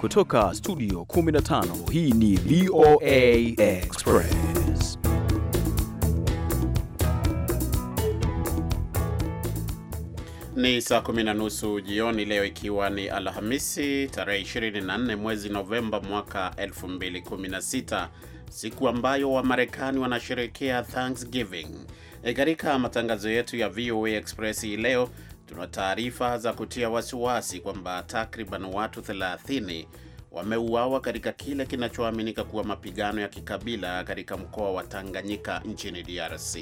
Kutoka studio 15 hii ni VOA Express. Ni saa kumi na nusu jioni leo, ikiwa ni Alhamisi tarehe 24 mwezi Novemba mwaka 2016, siku ambayo Wamarekani wanasherekea Thanksgiving. E, katika matangazo yetu ya VOA Express hii leo tuna taarifa za kutia wasiwasi kwamba takriban watu 30 wameuawa katika kile kinachoaminika kuwa mapigano ya kikabila katika mkoa wa Tanganyika nchini DRC.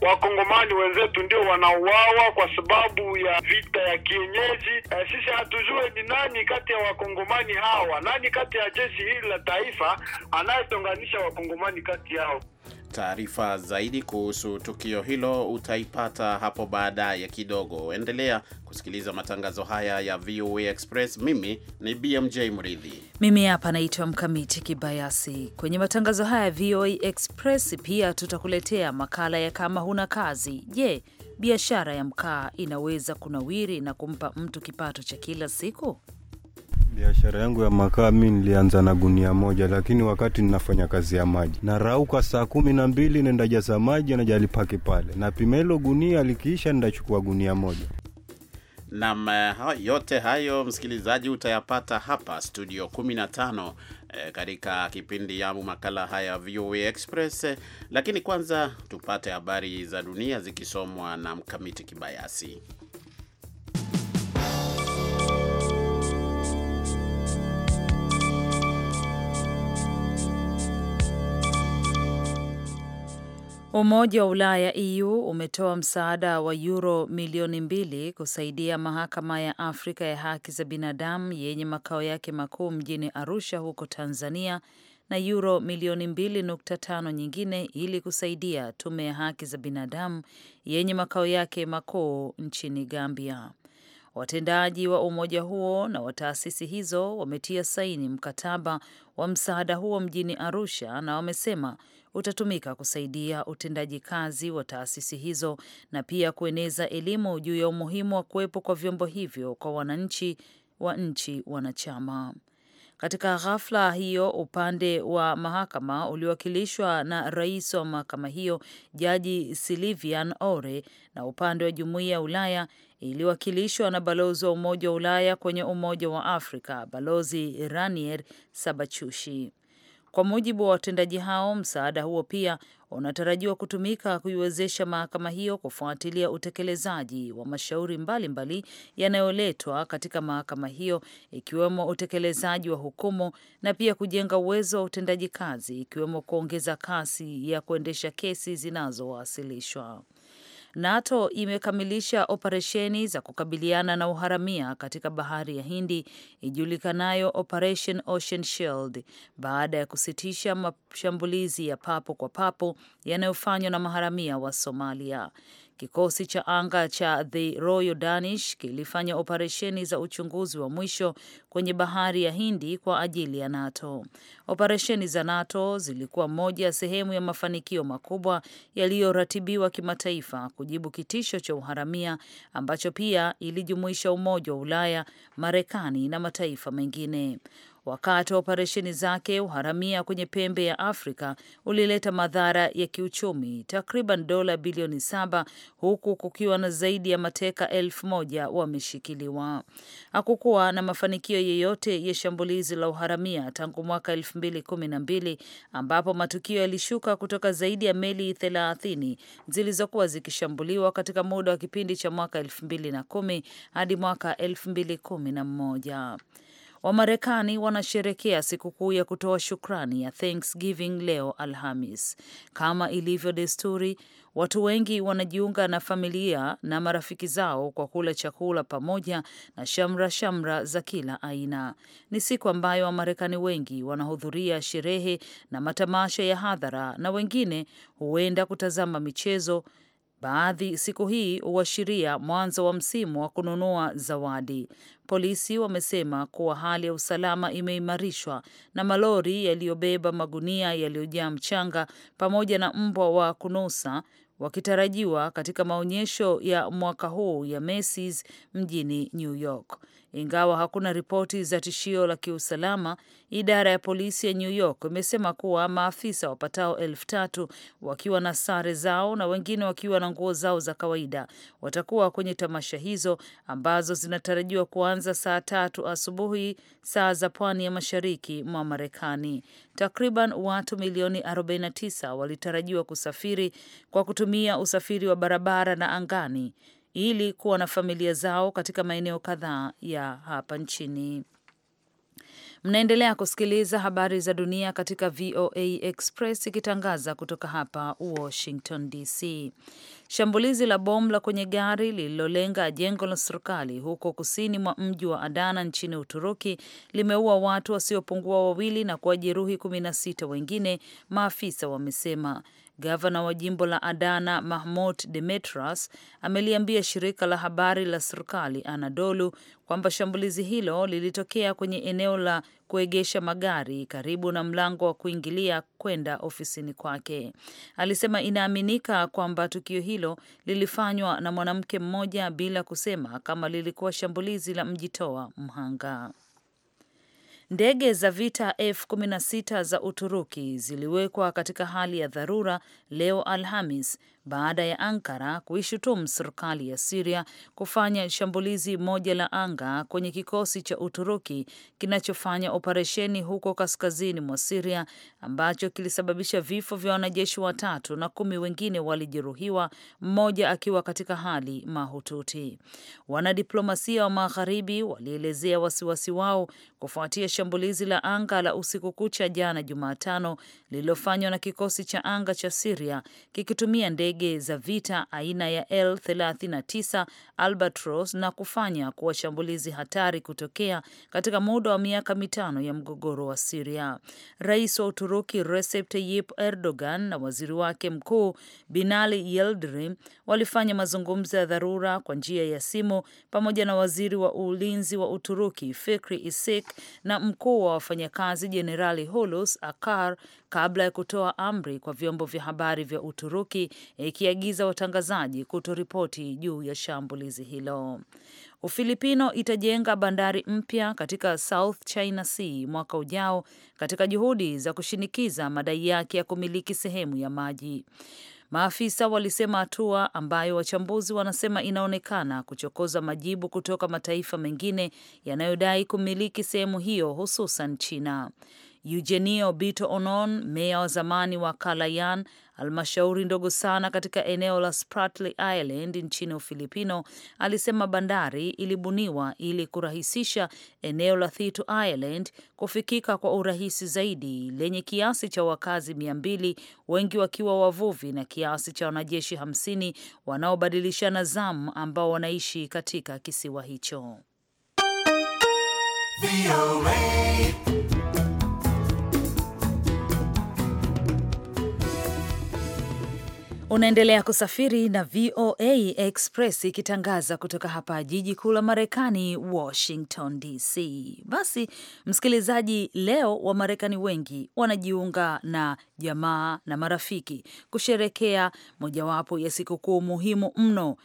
Wakongomani wenzetu ndio wanauawa kwa sababu ya vita ya kienyeji. E, sisi hatujue ni nani kati ya wakongomani hawa, nani kati ya jeshi hili la taifa anayetonganisha wakongomani kati yao. Taarifa zaidi kuhusu tukio hilo utaipata hapo baadaye kidogo. Endelea kusikiliza matangazo haya ya VOA Express. Mimi ni BMJ Mridhi, mimi hapa naitwa Mkamiti Kibayasi. Kwenye matangazo haya ya VOA Express pia tutakuletea makala ya kama huna kazi. Je, biashara ya mkaa inaweza kunawiri na kumpa mtu kipato cha kila siku? Biashara yangu ya makaa mi nilianza na gunia moja, lakini wakati ninafanya kazi ya maji narauka saa kumi na mbili nenda jaza maji najalipaki pale na pimelo gunia likiisha ndachukua gunia moja. Nam, eh, yote hayo msikilizaji utayapata hapa studio 15 e, eh, katika kipindi au makala haya VOA Express. Lakini kwanza tupate habari za dunia zikisomwa na Mkamiti Kibayasi. Umoja wa Ulaya EU umetoa msaada wa yuro milioni mbili kusaidia mahakama ya Afrika ya haki za binadamu yenye makao yake makuu mjini Arusha huko Tanzania na yuro milioni mbili nukta tano nyingine ili kusaidia tume ya haki za binadamu yenye makao yake makuu nchini Gambia. Watendaji wa umoja huo na wa taasisi hizo wametia saini mkataba wa msaada huo mjini Arusha na wamesema utatumika kusaidia utendaji kazi wa taasisi hizo na pia kueneza elimu juu ya umuhimu wa kuwepo kwa vyombo hivyo kwa wananchi wa nchi wanachama. Katika ghafla hiyo, upande wa mahakama uliwakilishwa na rais wa mahakama hiyo Jaji Silivian Ore na upande wa jumuiya ya Ulaya iliwakilishwa na balozi wa Umoja wa Ulaya kwenye Umoja wa Afrika, Balozi Ranier Sabachushi. Kwa mujibu wa watendaji hao, msaada huo pia unatarajiwa kutumika kuiwezesha mahakama hiyo kufuatilia utekelezaji wa mashauri mbalimbali yanayoletwa katika mahakama hiyo ikiwemo utekelezaji wa hukumu na pia kujenga uwezo wa utendaji kazi ikiwemo kuongeza kasi ya kuendesha kesi zinazowasilishwa. NATO imekamilisha operesheni za kukabiliana na uharamia katika bahari ya Hindi ijulikanayo Operation Ocean Shield baada ya kusitisha mashambulizi ya papo kwa papo yanayofanywa na maharamia wa Somalia. Kikosi cha anga cha The Royal Danish kilifanya operesheni za uchunguzi wa mwisho kwenye bahari ya Hindi kwa ajili ya NATO. Operesheni za NATO zilikuwa moja ya sehemu ya mafanikio makubwa yaliyoratibiwa kimataifa kujibu kitisho cha uharamia ambacho pia ilijumuisha Umoja wa Ulaya, Marekani na mataifa mengine. Wakati wa operesheni zake, uharamia kwenye pembe ya Afrika ulileta madhara ya kiuchumi takriban dola bilioni saba, huku kukiwa na zaidi ya mateka elfu moja wameshikiliwa. Hakukuwa na mafanikio yeyote ya shambulizi la uharamia tangu mwaka elfu mbili kumi na mbili ambapo matukio yalishuka kutoka zaidi ya meli thelathini zilizokuwa zikishambuliwa katika muda wa kipindi cha mwaka elfu mbili na kumi hadi mwaka elfu mbili kumi na mmoja. Wamarekani wanasherekea sikukuu ya kutoa shukrani ya Thanksgiving leo Alhamis. Kama ilivyo desturi, watu wengi wanajiunga na familia na marafiki zao kwa kula chakula pamoja na shamra shamra za kila aina. Ni siku ambayo Wamarekani wengi wanahudhuria sherehe na matamasha ya hadhara, na wengine huenda kutazama michezo Baadhi siku hii huashiria mwanzo wa msimu wa kununua zawadi. Polisi wamesema kuwa hali ya usalama imeimarishwa na malori yaliyobeba magunia yaliyojaa mchanga pamoja na mbwa wa kunusa wakitarajiwa katika maonyesho ya mwaka huu ya Macy's mjini New York. Ingawa hakuna ripoti za tishio la kiusalama, idara ya polisi ya New York imesema kuwa maafisa wapatao elfu tatu wakiwa na sare zao na wengine wakiwa na nguo zao za kawaida watakuwa kwenye tamasha hizo ambazo zinatarajiwa kuanza saa tatu asubuhi saa za pwani ya mashariki mwa Marekani. Takriban watu milioni 49 walitarajiwa kusafiri kwa kutumia usafiri wa barabara na angani ili kuwa na familia zao katika maeneo kadhaa ya hapa nchini. Mnaendelea kusikiliza habari za dunia katika VOA Express ikitangaza kutoka hapa Washington DC. Shambulizi la bomu la kwenye gari lililolenga jengo la serikali huko kusini mwa mji wa Adana nchini Uturuki limeua watu wasiopungua wawili na kuwajeruhi sita wengine, maafisa wamesema. Gavana wa jimbo la Adana mahmud Demetras ameliambia shirika la habari la serikali Anadolu kwamba shambulizi hilo lilitokea kwenye eneo la kuegesha magari karibu na mlango wa kuingilia kwenda ofisini kwake. Alisema inaaminika kwamba tukio hilo lilifanywa na mwanamke mmoja bila kusema kama lilikuwa shambulizi la mjitoa mhanga. Ndege za vita F-16 za Uturuki ziliwekwa katika hali ya dharura leo Alhamis baada ya Ankara kuishutumu serikali ya Siria kufanya shambulizi moja la anga kwenye kikosi cha Uturuki kinachofanya operesheni huko kaskazini mwa Siria ambacho kilisababisha vifo vya wanajeshi watatu na kumi wengine walijeruhiwa, mmoja akiwa katika hali mahututi. Wanadiplomasia wa Magharibi walielezea wasiwasi wao kufuatia shambulizi la anga la usiku kucha jana Jumatano lililofanywa na kikosi cha anga cha Siria kikitumia ndege ndege za vita aina ya L39 Albatros na kufanya kuwa shambulizi hatari kutokea katika muda wa miaka mitano ya mgogoro wa Siria. Rais wa Uturuki Recep Tayyip Erdogan na waziri wake mkuu Binali Yildirim walifanya mazungumzo ya dharura kwa njia ya simu pamoja na waziri wa ulinzi wa Uturuki Fikri Isik na mkuu wa wafanyakazi Jenerali Hulus Akar kabla ya kutoa amri kwa vyombo vya habari vya Uturuki ikiagiza watangazaji kutoripoti juu ya shambulizi hilo. Ufilipino itajenga bandari mpya katika South China Sea mwaka ujao katika juhudi za kushinikiza madai yake ya kumiliki sehemu ya maji. Maafisa walisema hatua ambayo wachambuzi wanasema inaonekana kuchokoza majibu kutoka mataifa mengine yanayodai kumiliki sehemu hiyo hususan China. Eugenio Bito Onon, meya wa zamani wa kalayan halmashauri ndogo sana katika eneo la Spratly Island nchini Ufilipino, alisema bandari ilibuniwa ili kurahisisha eneo la Thitu Island kufikika kwa urahisi zaidi, lenye kiasi cha wakazi mia mbili, wengi wakiwa wavuvi na kiasi cha wanajeshi hamsini wanaobadilishana zamu ambao wanaishi katika kisiwa hicho. Unaendelea kusafiri na VOA Express ikitangaza kutoka hapa jiji kuu la Marekani, Washington DC. Basi msikilizaji, leo Wamarekani wengi wanajiunga na jamaa na marafiki kusherekea mojawapo ya sikukuu muhimu mno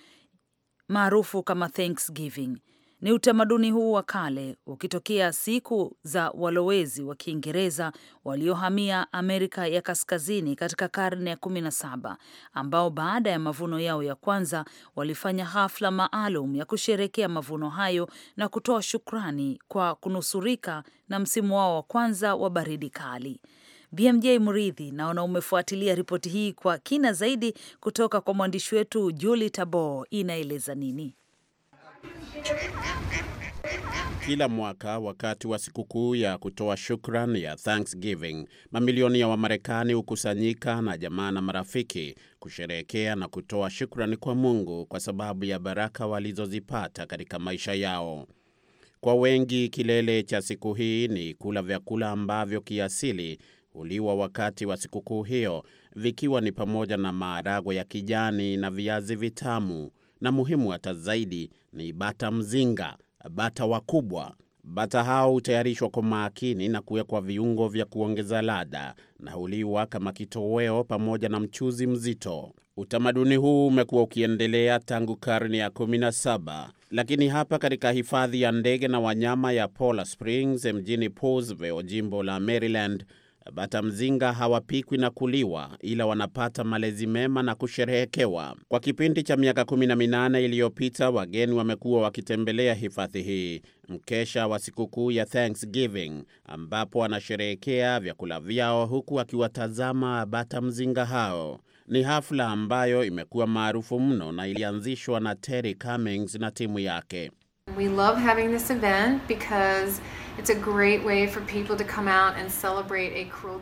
maarufu kama Thanksgiving. Ni utamaduni huu wa kale ukitokea siku za walowezi wa Kiingereza waliohamia Amerika ya Kaskazini katika karne ya kumi na saba ambao baada ya mavuno yao ya kwanza walifanya hafla maalum ya kusherekea mavuno hayo na kutoa shukrani kwa kunusurika na msimu wao wa kwanza wa baridi kali. BMJ Mridhi, naona umefuatilia ripoti hii kwa kina zaidi kutoka kwa mwandishi wetu juli Tabo. Inaeleza nini? Kila mwaka wakati wa sikukuu ya kutoa shukran ya Thanksgiving, mamilioni ya Wamarekani hukusanyika na jamaa na marafiki kusherehekea na kutoa shukrani kwa Mungu kwa sababu ya baraka walizozipata katika maisha yao. Kwa wengi, kilele cha siku hii ni kula vyakula ambavyo kiasili huliwa wakati wa sikukuu hiyo, vikiwa ni pamoja na maharagwe ya kijani na viazi vitamu na muhimu hata zaidi ni bata mzinga, bata wakubwa. Bata hao hutayarishwa kwa makini na kuwekwa viungo vya kuongeza ladha na huliwa kama kitoweo pamoja na mchuzi mzito. Utamaduni huu umekuwa ukiendelea tangu karne ya 17, lakini hapa katika hifadhi ya ndege na wanyama ya Polar Springs mjini Paulsville, jimbo la Maryland Bata mzinga hawapikwi na kuliwa, ila wanapata malezi mema na kusherehekewa. Kwa kipindi cha miaka kumi na minane iliyopita, wageni wamekuwa wakitembelea hifadhi hii mkesha wa sikukuu ya Thanksgiving, ambapo wanasherehekea vyakula vyao huku akiwatazama bata mzinga hao. Ni hafla ambayo imekuwa maarufu mno na ilianzishwa na Terry Cummings na timu yake. We love having this event because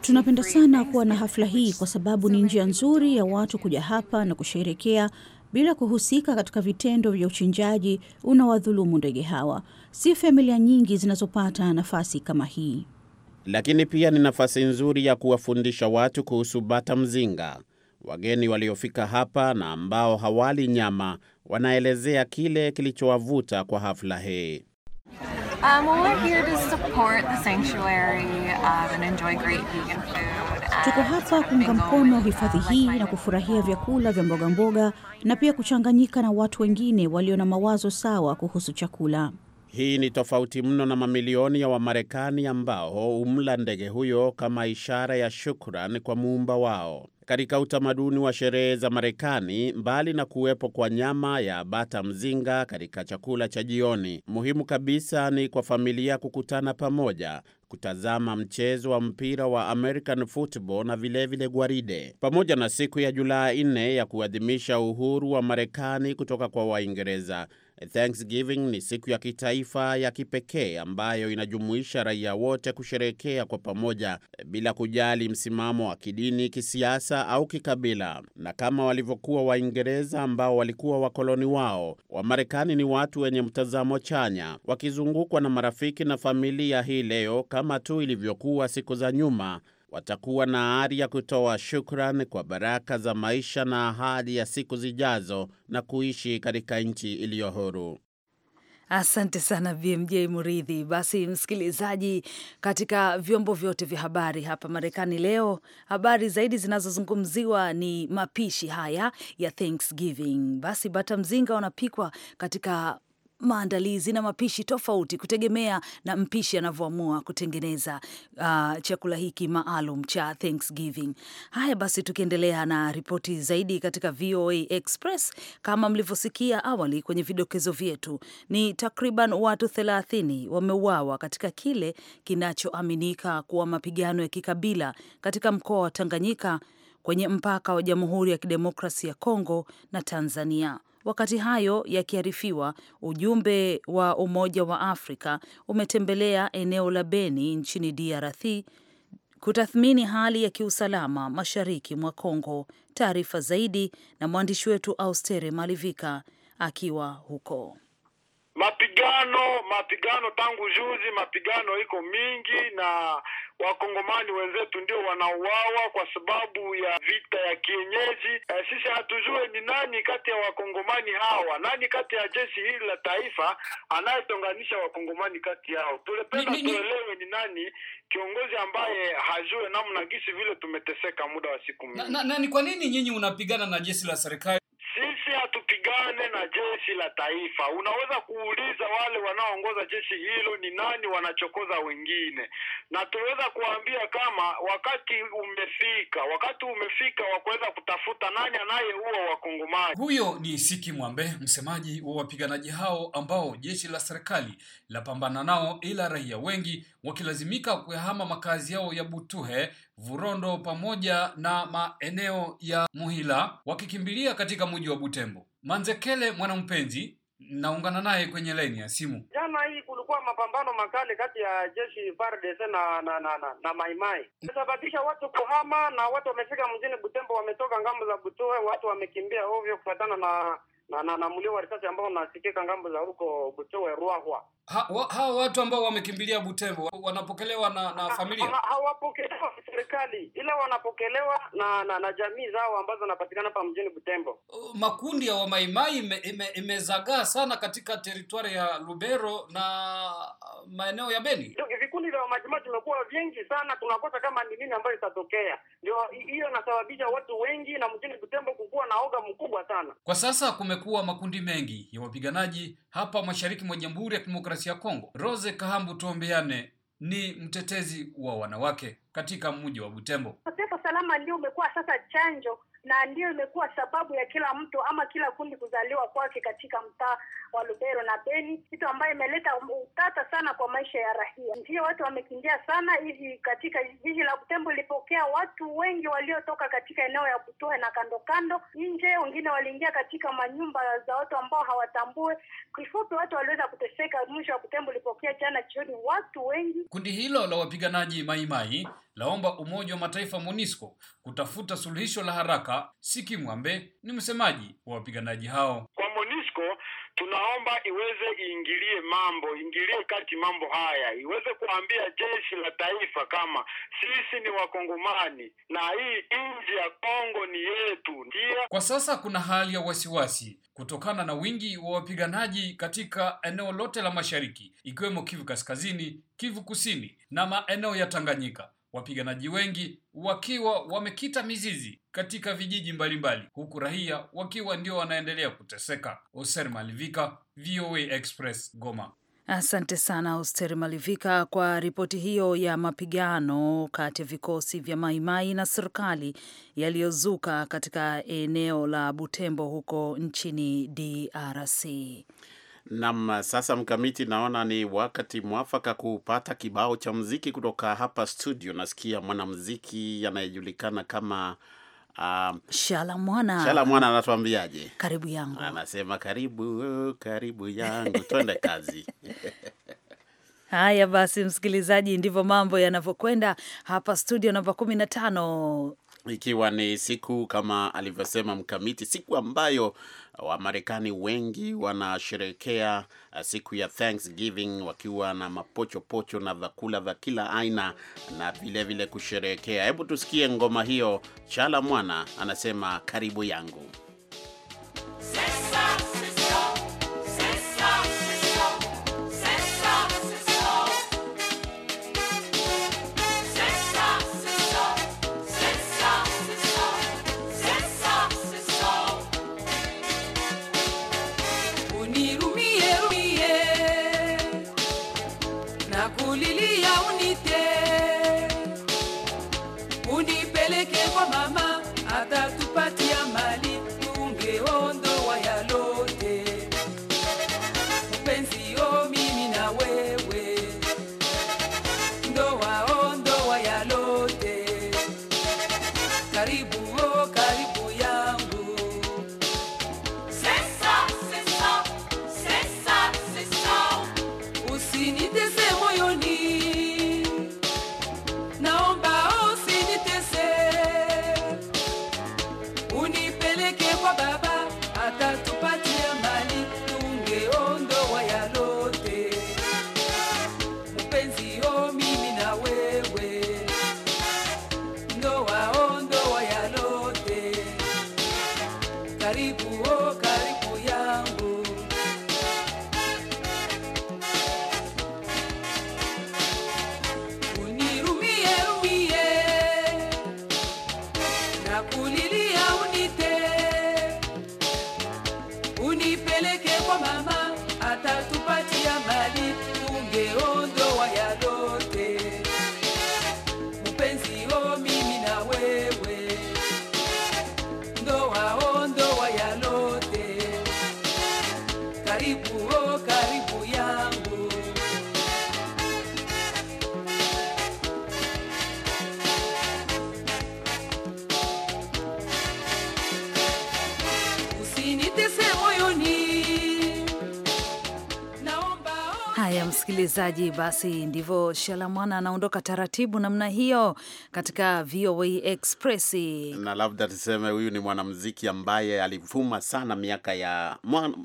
Tunapenda sana kuwa na hafla hii kwa sababu ni njia nzuri ya watu kuja hapa na kusherekea bila kuhusika katika vitendo vya uchinjaji unawadhulumu ndege hawa. Si familia nyingi zinazopata nafasi kama hii. Lakini pia ni nafasi nzuri ya kuwafundisha watu kuhusu bata mzinga. Wageni waliofika hapa na ambao hawali nyama wanaelezea kile kilichowavuta kwa hafla hii. Um, well, we're here to support the sanctuary um, and enjoy great vegan food. Tuko hapa kuunga mkono hifadhi hii na kufurahia vyakula vya mbogamboga na pia kuchanganyika na watu wengine walio na mawazo sawa kuhusu chakula. Hii ni tofauti mno na mamilioni ya Wamarekani ambao humla ndege huyo kama ishara ya shukrani kwa muumba wao. Katika utamaduni wa sherehe za Marekani, mbali na kuwepo kwa nyama ya bata mzinga katika chakula cha jioni, muhimu kabisa ni kwa familia kukutana pamoja kutazama mchezo wa mpira wa American football na vilevile vile gwaride, pamoja na siku ya Julai nne ya kuadhimisha uhuru wa Marekani kutoka kwa Waingereza Thanksgiving ni siku ya kitaifa ya kipekee ambayo inajumuisha raia wote kusherehekea kwa pamoja bila kujali msimamo wa kidini, kisiasa au kikabila. Na kama walivyokuwa Waingereza ambao walikuwa wakoloni wao, Wamarekani ni watu wenye mtazamo chanya, wakizungukwa na marafiki na familia hii leo kama tu ilivyokuwa siku za nyuma, watakuwa na ari ya kutoa shukrani kwa baraka za maisha na ahadi ya siku zijazo na kuishi katika nchi iliyo huru. Asante sana BMJ Muridhi. Basi msikilizaji, katika vyombo vyote vya habari hapa Marekani leo, habari zaidi zinazozungumziwa ni mapishi haya ya Thanksgiving. Basi bata mzinga wanapikwa katika maandalizi na mapishi tofauti kutegemea na mpishi anavyoamua kutengeneza uh, chakula hiki maalum cha Thanksgiving. Haya basi, tukiendelea na ripoti zaidi katika VOA Express, kama mlivyosikia awali kwenye vidokezo vyetu, ni takriban watu 30 wameuawa katika kile kinachoaminika kuwa mapigano ya kikabila katika mkoa wa Tanganyika kwenye mpaka wa Jamhuri ya Kidemokrasia ya Kongo na Tanzania. Wakati hayo yakiarifiwa, ujumbe wa Umoja wa Afrika umetembelea eneo la Beni nchini DRC kutathmini hali ya kiusalama mashariki mwa congo Taarifa zaidi na mwandishi wetu Austere Malivika akiwa huko. Mapigano, mapigano tangu juzi, mapigano iko mingi na wakongomani wenzetu ndio wanauawa kwa sababu ya vita ya kienyeji. E, sisi hatujue ni nani kati ya wakongomani hawa, nani kati ya jeshi hili la taifa anayetonganisha wakongomani kati yao. Tulipenda tuelewe ni nani kiongozi ambaye hajue namna gisi vile tumeteseka muda wa siku mingi. Na, na, na ni kwa nini nyinyi unapigana na jeshi la serikali? sisi hatupigane na jeshi la taifa. Unaweza kuuliza wale wanaoongoza jeshi hilo ni nani wanachokoza wengine, na tuweza kuambia kama wakati umefika, wakati umefika wa kuweza kutafuta nani anaye huo wakongomani. Huyo ni Siki Mwambe, msemaji wa wapiganaji hao ambao jeshi la serikali lapambana nao, ila raia wengi wakilazimika kuyahama makazi yao ya Butuhe, Vurondo pamoja na maeneo ya Muhila wakikimbilia katika mji wa Butembo. Manzekele Mwanampenzi naungana naye kwenye laini ya simu. Jana hii kulikuwa mapambano makali kati ya jeshi FARDC na na na, na, na maimai imesababisha watu kuhama, na watu wamefika mjini Butembo, wametoka ngambo za Butuhe, watu wamekimbia ovyo kufuatana na na, na, na mlio wa risasi ambao unasikika ngambo za huko Butuhe Ruahwa. Ha, wa, hawa watu ambao wamekimbilia Butembo wanapokelewa na, na familia ha, hawapokelewa ha, na serikali ila wanapokelewa na na, na jamii zao ambazo wanapatikana hapa mjini Butembo. Makundi ya wamaimai imezagaa ime, ime sana katika teritwari ya Lubero na maeneo ya Beni. Vikundi vya wamajimaji vimekuwa vingi sana, tunakosa kama ni nini ambayo itatokea. Ndio hiyo inasababisha watu wengi na mjini Butembo kukuwa na oga mkubwa sana. Kwa sasa kumekuwa makundi mengi ya wapiganaji hapa mashariki mwa Jamhuri ya Kidemokrasia Demokrasia ya Kongo. Rose Kahambu Tuombeane ni mtetezi wa wanawake katika mji wa Butembo. Ukosefu wa salama ndio umekuwa sasa chanjo na ndio imekuwa sababu ya kila mtu ama kila kundi kuzaliwa kwake katika mtaa wa Lubero na Beni, kitu ambayo imeleta um, utata sana kwa maisha ya rahia Ndio watu wamekimbia sana hivi. Katika jiji la Butembo ilipokea watu wengi waliotoka katika eneo ya Butuhe na kando kando nje, wengine waliingia katika manyumba za watu ambao hawatambue. Kifupi, watu waliweza kuteseka. Mwisho wa Butembo lipokea jana jioni watu wengi. Kundi hilo la wapiganaji Maimai laomba Umoja wa Mataifa MONUSCO kutafuta suluhisho la haraka. Siki Mwambe ni msemaji wa wapiganaji hao. MONUSCO tunaomba iweze iingilie mambo, iingilie kati mambo haya, iweze kuambia jeshi la taifa kama sisi ni wakongomani na hii nchi ya Kongo ni yetu. Ndio kwa sasa kuna hali ya wasiwasi kutokana na wingi wa wapiganaji katika eneo lote la mashariki ikiwemo Kivu Kaskazini, Kivu Kusini na maeneo ya Tanganyika wapiganaji wengi wakiwa wamekita mizizi katika vijiji mbalimbali mbali, huku raia wakiwa ndio wanaendelea kuteseka. Oser Malivika, VOA Express, Goma. Asante sana Oster Malivika kwa ripoti hiyo ya mapigano kati ya vikosi vya Maimai na serikali yaliyozuka katika eneo la Butembo huko nchini DRC. Nam, sasa Mkamiti, naona ni wakati mwafaka kupata kibao cha mziki kutoka hapa studio. Nasikia mwanamziki anayejulikana kama Um, Shala Mwana, Shala Mwana anatuambiaje? Karibu yangu, anasema karibu, karibu yangu, twende kazi. Haya basi, msikilizaji, ndivyo mambo yanavyokwenda hapa studio namba kumi na tano ikiwa ni siku kama alivyosema mkamiti, siku ambayo Wamarekani wengi wanasherehekea uh, siku ya Thanksgiving wakiwa na mapochopocho na vyakula vya kila aina na vilevile kusherehekea. Hebu tusikie ngoma hiyo. Chala Mwana anasema karibu yangu. msikilizaji, basi ndivyo Shalamwana anaondoka taratibu namna hiyo katika VOA Express, na labda tuseme huyu ni mwanamuziki ambaye alivuma sana miaka ya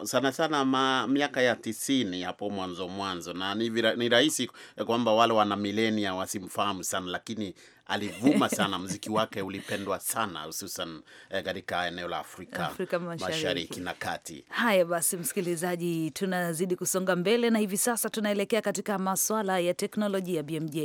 sana sana ma, miaka ya tisini hapo mwanzo mwanzo, na ni, ni rahisi eh, kwamba wale wana milenia wasimfahamu sana, lakini alivuma sana mziki wake ulipendwa sana hususan eh, katika eh, eneo la Afrika, Afrika Mashariki, Mashariki na Kati. Haya basi, msikilizaji, tunazidi kusonga mbele na hivi sasa tunaelekea katika maswala ya teknolojia BMJ.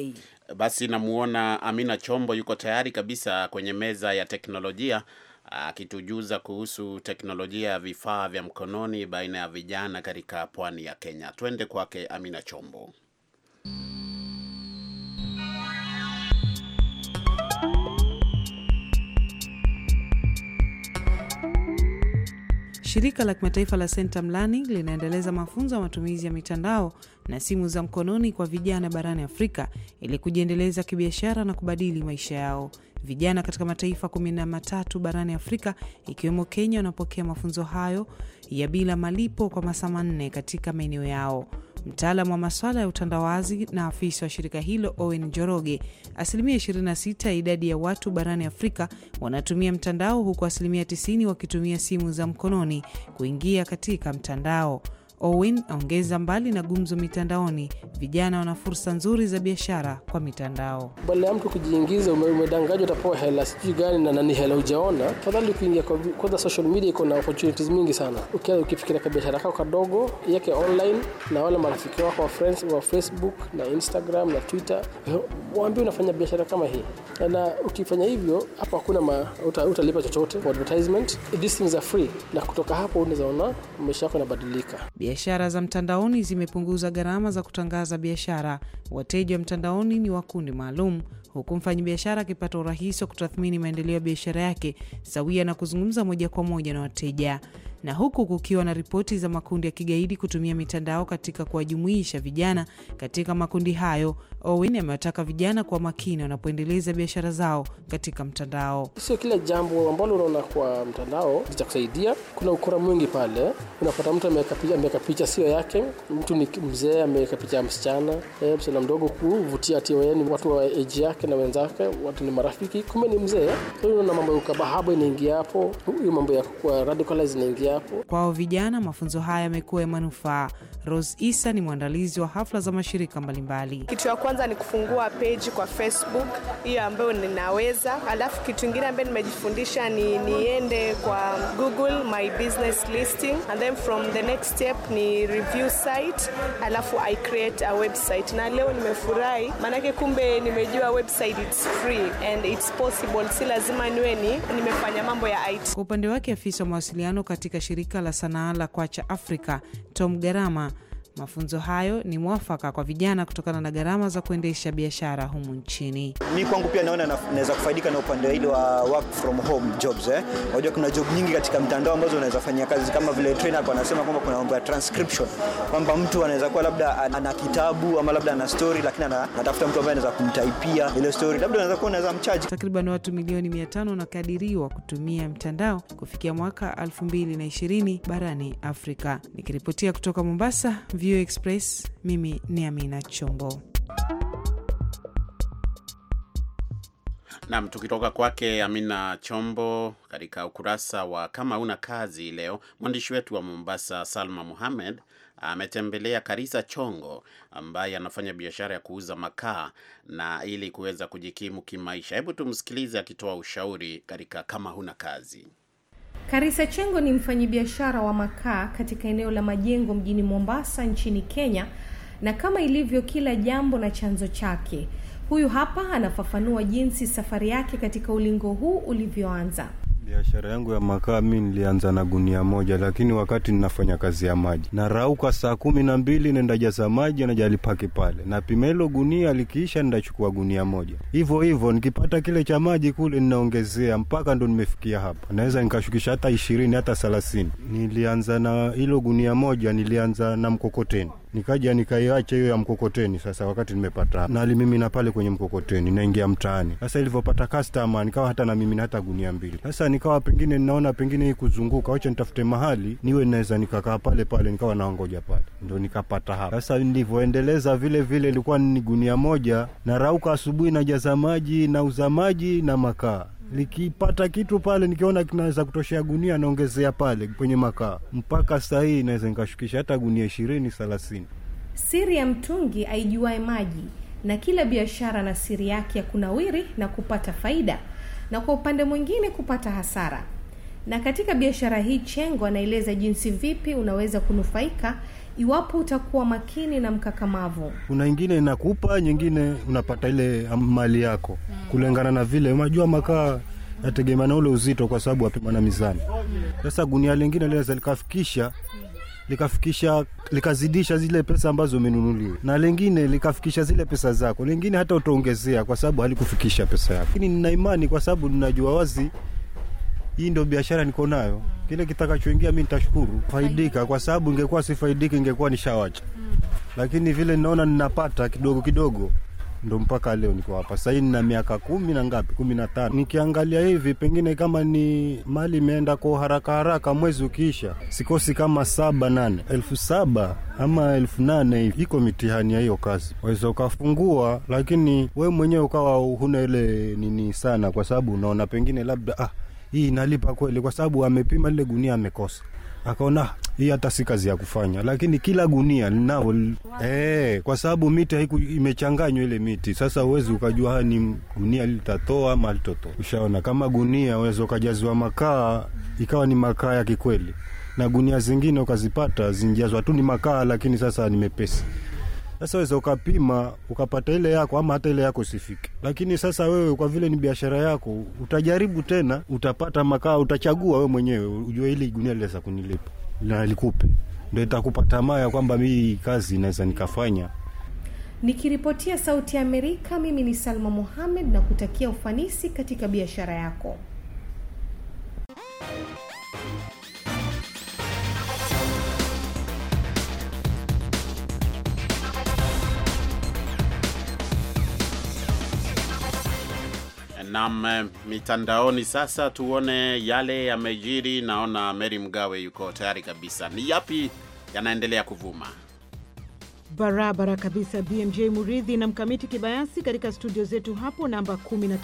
Basi namuona Amina Chombo yuko tayari kabisa kwenye meza ya teknolojia akitujuza kuhusu teknolojia ya vifaa vya mkononi baina ya vijana katika pwani ya Kenya. Twende kwake Amina Chombo. Shirika la kimataifa la Centum Learning linaendeleza mafunzo ya matumizi ya mitandao na simu za mkononi kwa vijana barani Afrika ili kujiendeleza kibiashara na kubadili maisha yao. Vijana katika mataifa kumi na matatu barani Afrika ikiwemo Kenya wanapokea mafunzo hayo ya bila malipo kwa masaa manne katika maeneo yao mtaalamu wa maswala ya utandawazi na afisa wa shirika hilo Owen Joroge, asilimia 26 ya idadi ya watu barani Afrika wanatumia mtandao, huku asilimia 90 wakitumia simu za mkononi kuingia katika mtandao. Owen aongeza, mbali na gumzo mitandaoni, vijana wana fursa nzuri za biashara kwa mitandao. Badala ya mtu kujiingiza, umedanganywa utapewa hela sijui gani na nani, hela hujaona, fadhali kuingia kwanza. Social media iko na opportunities mingi sana, ukiwa ukifikiria ka biashara kako kadogo yake online, na wale marafiki wako wa friends wa Facebook na Instagram na Twitter, waambie unafanya biashara kama hii, na ukifanya hivyo hapo hakuna utalipa chochote for advertisement, these things are free, na kutoka hapo unazaona maisha yako yanabadilika biashara za mtandaoni zimepunguza gharama za kutangaza biashara. Wateja wa mtandaoni ni wakundi maalum, huku mfanyabiashara akipata urahisi wa kutathmini maendeleo ya biashara yake sawia na kuzungumza moja kwa moja na wateja, na huku kukiwa na ripoti za makundi ya kigaidi kutumia mitandao katika kuwajumuisha vijana katika makundi hayo Owen amewataka vijana kuwa makini wanapoendeleza biashara zao katika mtandao. Sio kila jambo ambalo unaona kwa mtandao litakusaidia. Kuna ukora mwingi pale, unapata mtu ameweka picha sio yake, mtu ni mzee ameweka picha ya msichana, e, msichana mdogo kuvutia ati ni watu wa age yake na wenzake, watu ni marafiki, kumbe ni mzee. Unaona mambo ya ukabahaba inaingia hapo, huyu mambo ya kuwa radicalize inaingia hapo. Kwao vijana, mafunzo haya yamekuwa ya manufaa. Rose Isa ni mwandalizi wa hafla za mashirika mbalimbali mbali kwanza ni kufungua page kwa Facebook, hiyo ambayo ninaweza. Alafu kitu kingine ambayo nimejifundisha ni niende kwa Google my business listing and then from the next step ni review site, alafu I create a website. Na leo nimefurahi, maanake kumbe nimejua website it's free and it's possible, si lazima niwe ni nimefanya mambo ya IT. Kwa upande wake afisa mawasiliano katika shirika la sanaa la Kwacha Afrika Tom Garama Mafunzo hayo ni mwafaka kwa vijana kutokana na gharama za kuendesha biashara humu nchini. Mi kwangu pia naona naweza kufaidika na upande wa ile wa work from home jobs eh. kuna job nyingi katika mtandao ambazo unaweza fanyia kazi kama vile trainer anasema kwamba kuna mambo ya transcription, kwamba mtu anaweza kuwa labda ana kitabu ama labda ana story, lakini anatafuta mtu ambaye anaweza kumtaipia ile story, labda unaweza kuwa unaweza mchaji. Takriban watu milioni 500 wanakadiriwa kutumia mtandao kufikia mwaka 2020 barani Afrika. Nikiripotia kutoka Mombasa View Express. Mimi ni Amina Chombo. Nam, tukitoka kwake Amina Chombo katika ukurasa wa kama una kazi leo, mwandishi wetu wa Mombasa Salma Muhamed ametembelea Karisa Chongo ambaye anafanya biashara ya kuuza makaa na ili kuweza kujikimu kimaisha. Hebu tumsikilize akitoa ushauri katika kama huna kazi. Karisa Chengo ni mfanyabiashara wa makaa katika eneo la Majengo mjini Mombasa nchini Kenya, na kama ilivyo kila jambo na chanzo chake, huyu hapa anafafanua jinsi safari yake katika ulingo huu ulivyoanza. Biashara yangu ya makaa mi nilianza na gunia moja, lakini wakati ninafanya kazi ya maji narauka saa kumi na mbili nenda jaza maji najalipaki pale, napima hilo gunia, likiisha nitachukua gunia moja hivyo hivyo, nikipata kile cha maji kule ninaongezea mpaka ndo nimefikia hapa, naweza nikashukisha hata ishirini hata thelathini. Nilianza na hilo gunia moja, nilianza na mkokoteni nikaja nikaiacha hiyo ya mkokoteni. Sasa wakati nimepata nalimimina pale kwenye mkokoteni, naingia mtaani. Sasa ilivyopata kastama nikawa hata na mimi hata gunia mbili. Sasa nikawa pengine ninaona pengine hii kuzunguka, wacha nitafute mahali niwe naweza nikakaa pale pale, nikawa naongoja pale, ndo nikapata hapa. Sasa nilivyoendeleza vile vile, ilikuwa ni gunia moja, narauka asubuhi, najaza maji, nauza maji na makaa nikipata kitu pale nikiona kinaweza kutoshea gunia naongezea pale kwenye makaa, mpaka sahii inaweza naweza nikashukisha hata gunia ishirini thalathini Siri ya mtungi aijuae maji, na kila biashara na siri yake ya kunawiri na kupata faida na kwa upande mwingine kupata hasara. Na katika biashara hii Chengo anaeleza jinsi vipi unaweza kunufaika iwapo utakuwa makini na mkakamavu. Kuna ingine inakupa, nyingine unapata ile mali yako mm. kulingana na vile unajua makaa yategemea na ule uzito, kwa sababu wapima na mizani. Sasa gunia lingine linaweza likafikisha likafikisha likazidisha zile pesa ambazo umenunuliwa, na lingine likafikisha zile pesa zako, lingine hata utaongezea, kwa sababu halikufikisha pesa yako. Lakini nina imani, kwa sababu ninajua wazi hii ndio biashara niko nayo, mm. kile kitakachoingia mi nitashukuru, faidika kwa sababu ingekuwa sifaidiki ingekuwa nishawacha, mm. lakini vile ninaona ninapata kidogo kidogo ndo mpaka leo niko hapa sahii, nina miaka kumi na ngapi, kumi na tano. Nikiangalia hivi pengine kama ni mali imeenda kwa haraka haraka, mwezi ukiisha sikosi kama saba nane elfu saba ama elfu nane hivi. Iko mitihani ya hiyo kazi, waweza ukafungua, lakini we mwenyewe ukawa huna ile nini sana, kwa sababu unaona pengine labda ah, hii inalipa kweli, kwa sababu amepima lile gunia amekosa, akaona ah, hii hata si kazi ya kufanya, lakini kila gunia linao eh, kwa sababu miti haiku imechanganywa ile miti. Sasa uwezi ukajua ni gunia litatoa ama litotoa. Ushaona, kama gunia uwezi ukajaziwa makaa ikawa ni makaa ya kikweli, na gunia zingine ukazipata zinjazwa tu ni makaa, lakini sasa ni mepesi sasa weza ukapima ukapata ile yako ama hata ile yako sifiki, lakini sasa wewe kwa vile ni biashara yako utajaribu tena, utapata makaa, utachagua wewe mwenyewe ujue ili gunia liweza kunilipa na likupe, ndio itakupa tamaa ya kwamba mii kazi naweza nikafanya. Nikiripotia Sauti ya Amerika, mimi ni Salma Mohamed na kutakia ufanisi katika biashara yako. Nam eh, mitandaoni. Sasa tuone yale yamejiri. Naona Mary Mgawe yuko tayari kabisa. Ni yapi yanaendelea kuvuma? Barabara kabisa, BMJ Muridhi na Mkamiti Kibayasi katika studio zetu hapo namba 15.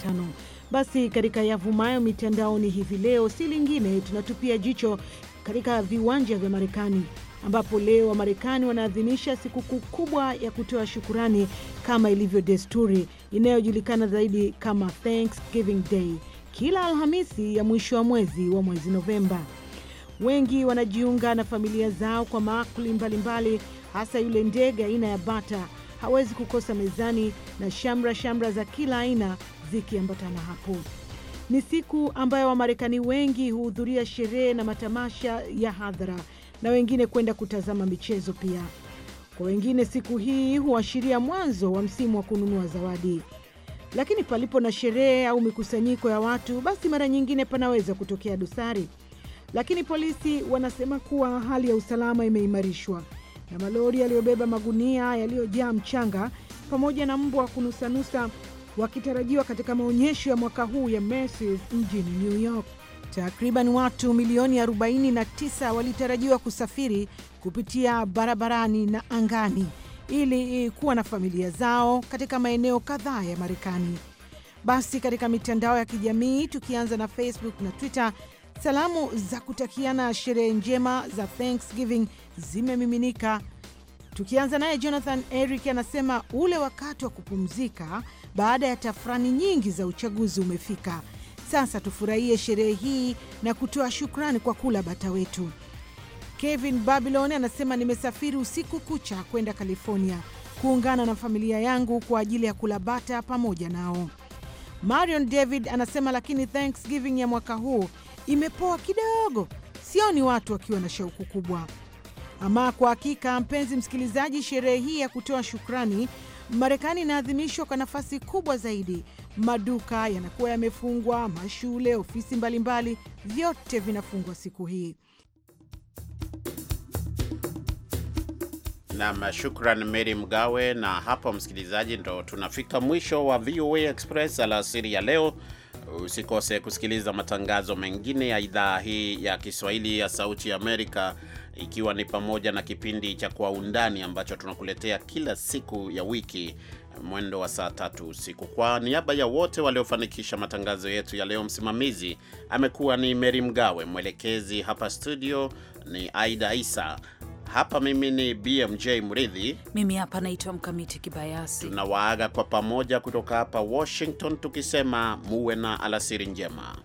Basi katika yavumayo mitandaoni hivi leo, si lingine tunatupia jicho katika viwanja vya Marekani ambapo leo Wamarekani wanaadhimisha sikukuu kubwa ya kutoa shukurani kama ilivyo desturi inayojulikana zaidi kama Thanksgiving Day kila Alhamisi ya mwisho wa mwezi wa mwezi Novemba. Wengi wanajiunga na familia zao kwa maakuli mbalimbali, hasa yule ndege aina ya bata hawezi kukosa mezani na shamra shamra za kila aina zikiambatana hapo. Ni siku ambayo Wamarekani wengi huhudhuria sherehe na matamasha ya hadhara na wengine kwenda kutazama michezo pia. Kwa wengine, siku hii huashiria mwanzo wa msimu wa kununua zawadi, lakini palipo na sherehe au mikusanyiko ya watu, basi mara nyingine panaweza kutokea dosari. Lakini polisi wanasema kuwa hali ya usalama imeimarishwa na malori yaliyobeba magunia yaliyojaa mchanga pamoja na mbwa kunusanusa wakitarajiwa katika maonyesho ya mwaka huu ya Macy's mjini New York. Takriban watu milioni 49 walitarajiwa kusafiri kupitia barabarani na angani ili eh, kuwa na familia zao katika maeneo kadhaa ya Marekani. Basi katika mitandao ya kijamii tukianza na Facebook na Twitter, salamu za kutakiana sherehe njema za Thanksgiving zimemiminika. Tukianza naye Jonathan Eric anasema ule wakati wa kupumzika baada ya tafrani nyingi za uchaguzi umefika. Sasa tufurahie sherehe hii na kutoa shukrani kwa kula bata wetu. Kevin Babylon anasema nimesafiri usiku kucha kwenda California kuungana na familia yangu kwa ajili ya kula bata pamoja nao. Marion David anasema lakini Thanksgiving ya mwaka huu imepoa kidogo, sioni watu wakiwa na shauku kubwa. Ama kwa hakika, mpenzi msikilizaji, sherehe hii ya kutoa shukrani Marekani inaadhimishwa kwa nafasi kubwa zaidi. Maduka yanakuwa yamefungwa, mashule, ofisi mbalimbali, vyote vinafungwa siku hii. Nam, shukran Mary Mgawe. Na hapo msikilizaji, ndo tunafika mwisho wa VOA Express alasiri ya leo. Usikose kusikiliza matangazo mengine ya idhaa hii ya Kiswahili ya Sauti ya Amerika, ikiwa ni pamoja na kipindi cha Kwa Undani ambacho tunakuletea kila siku ya wiki mwendo wa saa tatu usiku. Kwa niaba ya wote waliofanikisha matangazo yetu ya leo, msimamizi amekuwa ni Meri Mgawe, mwelekezi hapa studio ni Aida Isa. Hapa mimi ni BMJ Mridhi, mimi hapa naitwa Mkamiti Kibayasi. Tunawaaga kwa pamoja kutoka hapa Washington tukisema muwe na alasiri njema.